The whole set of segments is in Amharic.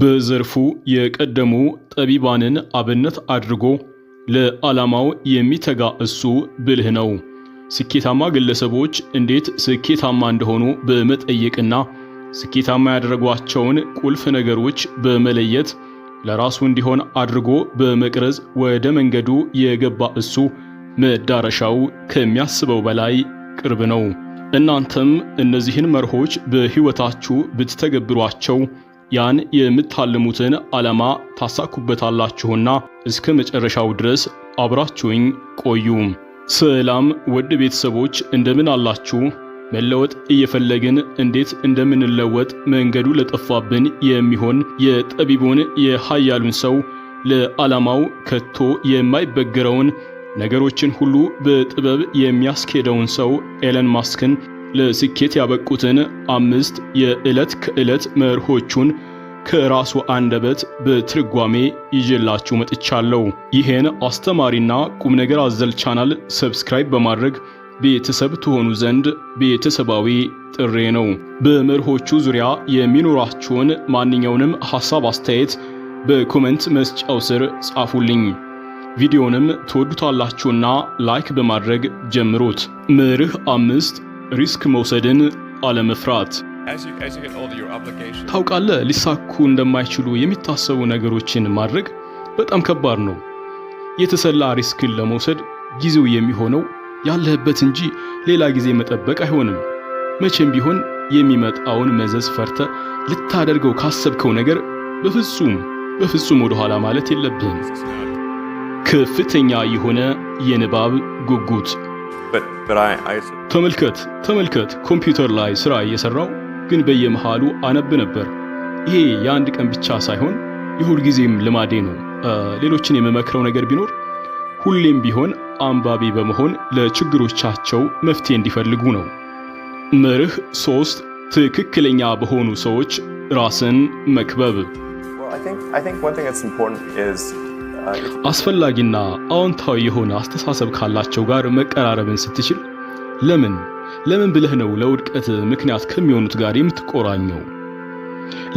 በዘርፉ የቀደሙ ጠቢባንን አብነት አድርጎ ለዓላማው የሚተጋ እሱ ብልህ ነው። ስኬታማ ግለሰቦች እንዴት ስኬታማ እንደሆኑ በመጠየቅና ስኬታማ ያደረጓቸውን ቁልፍ ነገሮች በመለየት ለራሱ እንዲሆን አድርጎ በመቅረጽ ወደ መንገዱ የገባ እሱ መዳረሻው ከሚያስበው በላይ ቅርብ ነው። እናንተም እነዚህን መርሆች በሕይወታችሁ ብትተገብሯቸው ያን የምታልሙትን ዓላማ ታሳኩበታላችሁና እስከ መጨረሻው ድረስ አብራችሁኝ ቆዩ። ሰላም ውድ ቤተሰቦች እንደምን አላችሁ? መለወጥ እየፈለግን እንዴት እንደምንለወጥ መንገዱ ለጠፋብን የሚሆን የጠቢቡን የኃያሉን ሰው ለዓላማው ከቶ የማይበገረውን ነገሮችን ሁሉ በጥበብ የሚያስኬደውን ሰው ኤለን ማስክን ለስኬት ያበቁትን አምስት የዕለት ከዕለት መርሆቹን ከራሱ አንደበት በትርጓሜ ይዤላችሁ መጥቻለሁ። ይህን አስተማሪና ቁም ነገር አዘል ቻናል ሰብስክራይብ በማድረግ ቤተሰብ ትሆኑ ዘንድ ቤተሰባዊ ጥሬ ነው። በመርሆቹ ዙሪያ የሚኖራችሁን ማንኛውንም ሐሳብ፣ አስተያየት በኮመንት መስጫው ስር ጻፉልኝ። ቪዲዮንም ትወዱታላችሁና ላይክ በማድረግ ጀምሩት። መርህ አምስት ሪስክ መውሰድን አለመፍራት። ታውቃለህ፣ ሊሳኩ እንደማይችሉ የሚታሰቡ ነገሮችን ማድረግ በጣም ከባድ ነው። የተሰላ ሪስክን ለመውሰድ ጊዜው የሚሆነው ያለህበት እንጂ ሌላ ጊዜ መጠበቅ አይሆንም። መቼም ቢሆን የሚመጣውን መዘዝ ፈርተ ልታደርገው ካሰብከው ነገር በፍጹም በፍጹም ወደ ኋላ ማለት የለብህም። ከፍተኛ የሆነ የንባብ ጉጉት ተመልከት ተመልከት፣ ኮምፒውተር ላይ ስራ እየሰራው ግን በየመሃሉ አነብ ነበር። ይሄ የአንድ ቀን ብቻ ሳይሆን የሁልጊዜም ልማዴ ነው። ሌሎችን የምመክረው ነገር ቢኖር ሁሌም ቢሆን አንባቢ በመሆን ለችግሮቻቸው መፍትሄ እንዲፈልጉ ነው። መርህ ሶስት ትክክለኛ በሆኑ ሰዎች ራስን መክበብ አስፈላጊና አዎንታዊ የሆነ አስተሳሰብ ካላቸው ጋር መቀራረብን ስትችል ለምን ለምን ብለህ ነው ለውድቀት ምክንያት ከሚሆኑት ጋር የምትቆራኘው?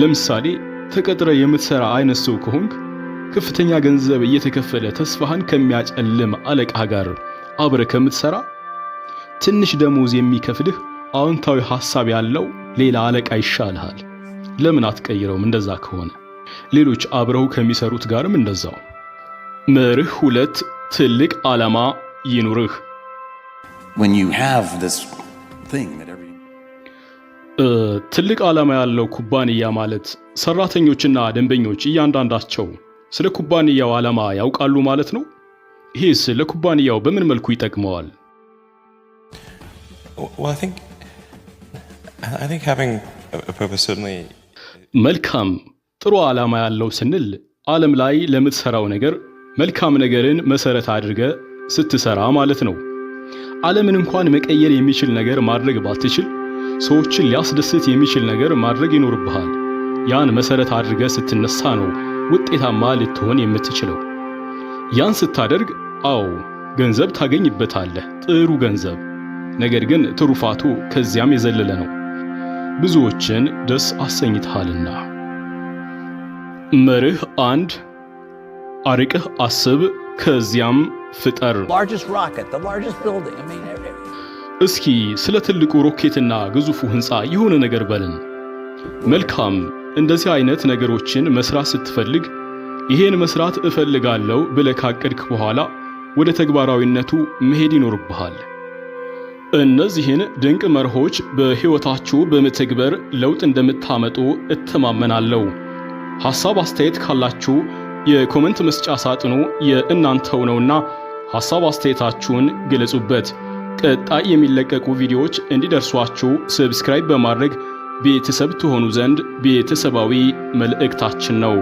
ለምሳሌ ተቀጥረ የምትሰራ አይነት ሰው ከሆንክ ከፍተኛ ገንዘብ እየተከፈለ ተስፋህን ከሚያጨልም አለቃ ጋር አብረ ከምትሰራ ትንሽ ደሞዝ የሚከፍልህ አዎንታዊ ሐሳብ ያለው ሌላ አለቃ ይሻልሃል። ለምን አትቀይረውም? እንደዛ ከሆነ ሌሎች አብረው ከሚሰሩት ጋርም እንደዛው መርህ ሁለት ትልቅ ዓላማ ይኑርህ። ትልቅ ዓላማ ያለው ኩባንያ ማለት ሰራተኞችና ደንበኞች እያንዳንዳቸው ስለ ኩባንያው ዓላማ ያውቃሉ ማለት ነው። ይህስ ለኩባንያው በምን መልኩ ይጠቅመዋል? መልካም ጥሩ ዓላማ ያለው ስንል ዓለም ላይ ለምትሰራው ነገር መልካም ነገርን መሰረት አድርገ ስትሰራ ማለት ነው። ዓለምን እንኳን መቀየር የሚችል ነገር ማድረግ ባትችል ሰዎችን ሊያስደስት የሚችል ነገር ማድረግ ይኖርብሃል። ያን መሰረት አድርገ ስትነሳ ነው ውጤታማ ልትሆን የምትችለው። ያን ስታደርግ አዎ ገንዘብ ታገኝበታለህ፣ ጥሩ ገንዘብ። ነገር ግን ትሩፋቱ ከዚያም የዘለለ ነው። ብዙዎችን ደስ አሰኝተሃልና። መርህ አንድ አርቅህ አስብ፣ ከዚያም ፍጠር። እስኪ ስለ ትልቁ ሮኬትና ግዙፉ ሕንፃ የሆነ ነገር በልን። መልካም፣ እንደዚህ አይነት ነገሮችን መስራት ስትፈልግ ይሄን መስራት እፈልጋለሁ ብለህ ካቀድክ በኋላ ወደ ተግባራዊነቱ መሄድ ይኖርብሃል። እነዚህን ድንቅ መርሆች በሕይወታችሁ በመተግበር ለውጥ እንደምታመጡ እተማመናለሁ። ሐሳብ፣ አስተያየት ካላችሁ የኮመንት መስጫ ሳጥኑ የእናንተው ነውና ሐሳብ አስተያየታችሁን ግለጹበት። ቀጣይ የሚለቀቁ ቪዲዮዎች እንዲደርሷችሁ ሰብስክራይብ በማድረግ ቤተሰብ ትሆኑ ዘንድ ቤተሰባዊ መልእክታችን ነው።